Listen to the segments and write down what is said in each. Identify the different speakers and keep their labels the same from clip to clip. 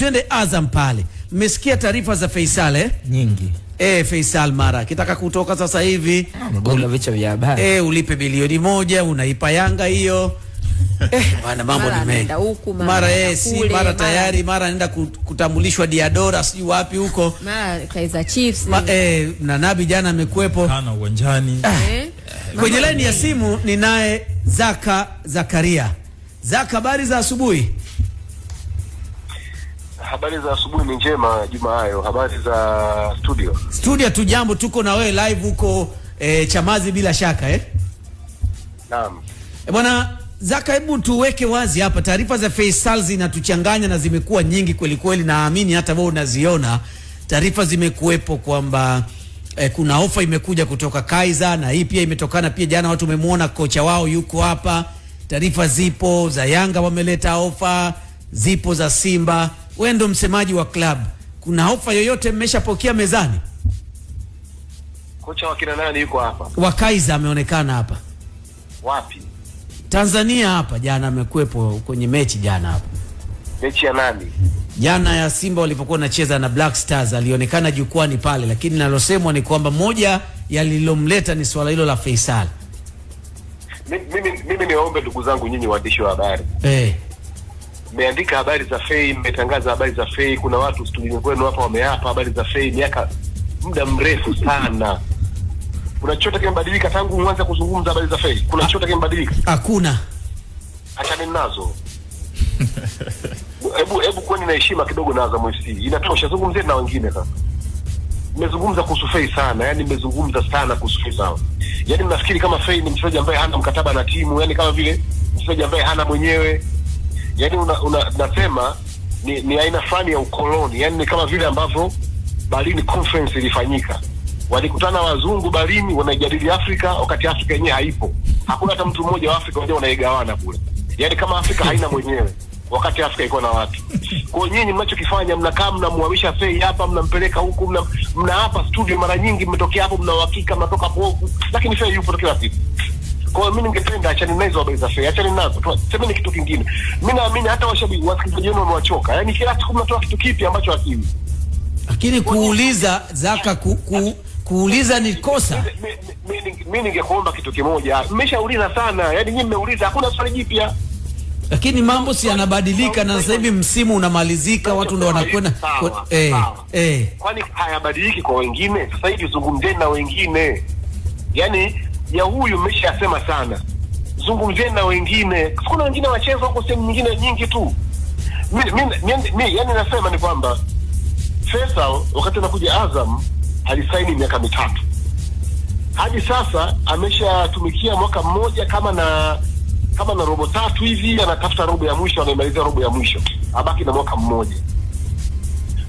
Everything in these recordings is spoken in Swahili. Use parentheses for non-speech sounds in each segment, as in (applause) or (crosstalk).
Speaker 1: twende Azam pale. Mmesikia taarifa za Faisal eh? Nyingi. Eh, Faisal mara kitaka kutoka sasa hivi
Speaker 2: ah, vichwa vya habari.
Speaker 1: Eh, ulipe bilioni moja unaipa Yanga hiyo
Speaker 2: bana (laughs) eh, bwana mambo ni mengi.
Speaker 3: Mara, mara eh, si
Speaker 1: mara tayari mara anaenda kutambulishwa Diadora sijui wapi huko.
Speaker 3: Mara
Speaker 1: eh, na Nabi jana amekuepo.
Speaker 4: Kana uwanjani. Ah, eh,
Speaker 1: kwenye laini ya simu ninaye Zaka Zakaria. Zaka, habari za asubuhi
Speaker 5: habari za asubuhi ni njema Juma hayo. Habari za studio?
Speaker 1: Studio tu jambo, tuko na wewe live huko eh, Chamazi bila shaka eh? Naam. E, bwana Zaka, hebu tuweke wazi hapa, taarifa za Faisal zinatuchanganya na zimekuwa nyingi kweli kweli, naamini hata wewe unaziona taarifa zimekuwepo kwamba e, kuna ofa imekuja kutoka Kaizer na hii pia imetokana pia, jana watu wamemwona kocha wao yuko hapa, taarifa zipo za Yanga wameleta ofa, zipo za Simba wewe ndo msemaji wa club, kuna ofa yoyote mmeshapokea mezani?
Speaker 5: Kocha wa kina nani yuko hapa?
Speaker 1: Wa Kaiza ameonekana hapa. Wapi? Tanzania hapa, jana amekuepo kwenye mechi jana hapa.
Speaker 5: Mechi ya nani?
Speaker 1: Jana ya Simba walipokuwa wanacheza na Black Stars alionekana jukwani pale, lakini nalosemwa ni kwamba moja yalilomleta ni swala hilo la Faisal.
Speaker 5: Mimi, mimi niwaombe ndugu zangu nyinyi waandishi wa habari Eh. hey mmeandika habari za fei, mmetangaza habari za fei. Kuna watu studioni kwenu hapa wameapa habari za fei miaka muda mrefu sana. Kuna chochote kimebadilika tangu mwanza kuzungumza habari za fei? Kuna ah, chochote kimebadilika? Hakuna. Achani nazo (laughs) hebu hebu kuweni na heshima kidogo na Azam FC, inatosha. Zungumzie na wengine sasa. Nimezungumza kuhusu fei sana, yani nimezungumza sana kuhusu fei sana, yani nafikiri kama fei ni mchezaji ambaye hana mkataba na timu, yani kama vile mchezaji ambaye hana mwenyewe yani una, una, nasema ni, ni aina fulani ya ukoloni, yani ni kama vile ambavyo Berlin Conference ilifanyika. Walikutana wazungu Berlin, wanajadili Afrika wakati Afrika yenyewe haipo. Hakuna hata mtu mmoja wa Afrika wenyewe wanaigawana kule, yani kama Afrika haina mwenyewe wakati Afrika iko na watu. Kwa hiyo nyinyi mnachokifanya mnakaa mnamhamisha Fei hapa mnampeleka huku mna, mna hapa studio mara nyingi mmetokea hapo mna mnatoka hapo, lakini Fei yupo tokea siku kwa hiyo mimi ningependa achane nazo habari za fedha, achane nazo tu, semeni kitu kingine. Mimi naamini hata washabiki wasikilizaji wenu wamewachoka, yaani kila siku mnatoa kitu kipi ambacho hakili.
Speaker 1: Lakini kuuliza zaka ku, ku, kuuliza ni kosa.
Speaker 5: Mimi ningekuomba kitu kimoja, mmeshauliza sana, yaani nyinyi mmeuliza, hakuna swali jipya
Speaker 1: lakini mambo si yanabadilika, na sasa hivi msimu unamalizika, watu ndo wanakwenda eh, eh,
Speaker 5: kwani hayabadiliki kwa wengine. Sasa hivi zungumzeni na wengine, yani ya huyu mmeshasema sana, zungumzieni na wengine. Kuna wengine wacheza huko sehemu nyingine nyingi tu. mi, yani nasema ni kwamba Faisal wakati anakuja Azam alisaini miaka mitatu, hadi sasa ameshatumikia mwaka mmoja kama na kama na robo tatu hivi, anatafuta robo ya mwisho, anaimaliza robo ya mwisho, abaki na mwaka mmoja.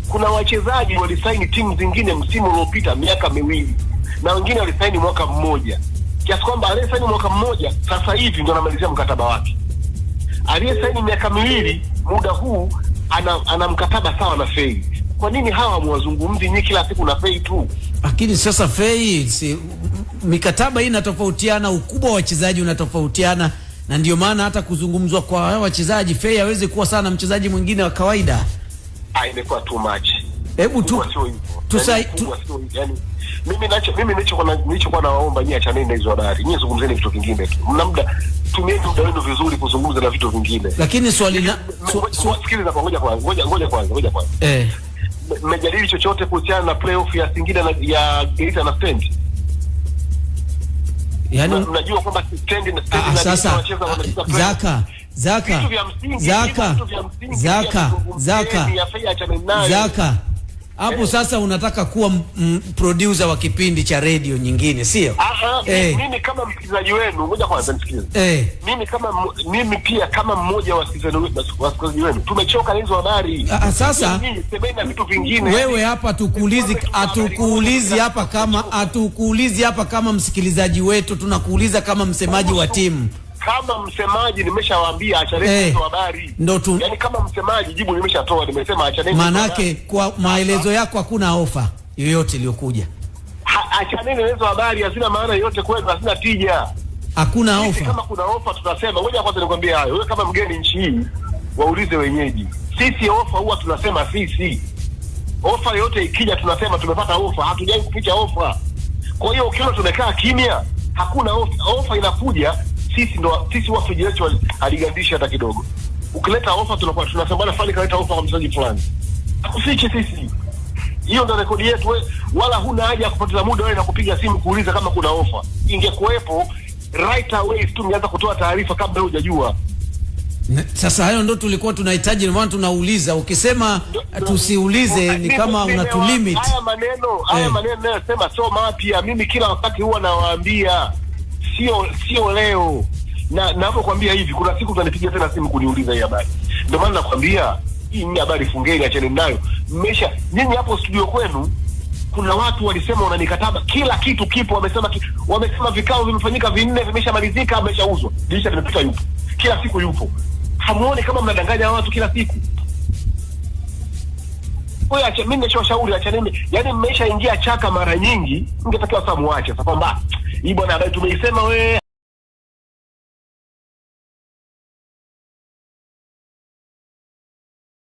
Speaker 5: Kuna wachezaji walisaini timu zingine msimu uliopita miaka miwili, na wengine walisaini mwaka mmoja kiasi kwamba aliyesaini mwaka mmoja sasa hivi ndo anamalizia mkataba wake. Aliyesaini miaka miwili muda huu ana, ana mkataba sawa na Fei. Kwa nini hawa mwazungumzi nyi kila siku na Fei tu?
Speaker 1: Lakini sasa Fei si, mikataba hii inatofautiana, ukubwa wa wachezaji unatofautiana, na ndio maana hata kuzungumzwa kwa wachezaji Fei hawezi kuwa sana mchezaji mwingine wa kawaida.
Speaker 5: Ah, imekuwa too much
Speaker 1: hebu tu tusai
Speaker 5: tu, yani yaani mimi nacho mimi nicho kwa nicho kwa naomba nyinyi achaneni na hizo habari nyinyi zungumzeni vitu vingine tu mna muda tumieni muda wenu vizuri kuzungumza na vitu vingine
Speaker 1: lakini swali na
Speaker 5: sikiliza ngoja kwanza ngoja ngoja kwanza ngoja kwanza eh mmejadili chochote kuhusiana na playoff ya Singida na ya Geita na Stendi yani unajua kwamba Stendi na Stendi ah,
Speaker 1: na sasa wanacheza zaka zaka zaka zaka
Speaker 5: zaka
Speaker 1: zaka hapo hey. sasa unataka kuwa producer wa kipindi cha radio nyingine, sio?
Speaker 5: Aha, hey. Eh. Mimi kama msikilizaji wenu, moja kwa moja nisikilize. Hey. Eh. Mimi kama mimi pia kama mmoja wa wasikilizaji wenu, tumechoka hizo habari.
Speaker 1: Sasa semeni
Speaker 5: na vitu vingine.
Speaker 1: Wewe hapa tukuulizi, atukuulizi hapa kama atukuulizi hapa kama msikilizaji wetu, tunakuuliza kama msemaji wa timu
Speaker 5: kama msemaji nimeshawaambia achaneni hey, eh, habari ndo tu, yani kama msemaji jibu nimeshatoa, nimesema achaneni.
Speaker 1: Maanake kwa maelezo yako hakuna ofa yoyote iliyokuja.
Speaker 5: Achaneni hizo habari, hazina maana yoyote kwetu hazina tija,
Speaker 1: hakuna ofa.
Speaker 5: Kama kuna ofa tutasema. Ngoja kwanza nikwambie hayo, wewe kama mgeni nchi hii waulize wenyeji. Sisi ofa huwa tunasema sisi, ofa yote ikija tunasema tumepata ofa, hatujai kuficha ofa. Kwa hiyo ukiona tumekaa kimya, hakuna ofa, ofa inakuja sisi ndo sisi watu jeshi aligandisha hata kidogo. Ukileta ofa tunakuwa tunasema fani kaleta ofa kwa mchezaji fulani, akufiche sisi hiyo ndo rekodi yetu, we, wala huna haja ya kupoteza muda wewe na kupiga simu kuuliza kama kuna ofa. Ingekuwepo right away tu mngeanza kutoa taarifa kabla hujajua.
Speaker 1: Sasa hayo ndo tulikuwa tunahitaji, ndio maana tunauliza. Ukisema tusiulize ni kama una limit
Speaker 5: Haya maneno haya eh. maneno ninayosema sio mapya, mimi kila wakati huwa nawaambia sio sio leo, na navyokwambia hivi, kuna siku utanipigia tena simu kuniuliza hii habari. Ndio maana nakwambia hii ni habari, fungeni, acheni nayo. Mmesha nyinyi hapo studio kwenu kuna watu walisema wana mikataba, kila kitu kipo, wamesema ki, wamesema vikao vimefanyika vinne, vimeshamalizika, ameshauzwa dirisha limepita, yupo kila siku, yupo. Hamuone kama mnadanganya watu kila siku? Wewe acha mimi, nimeshawashauri acha nini, yaani mmeshaingia chaka mara nyingi, ungetakiwa sasa muache sasa, pambana Ni bon apetoume isenman we.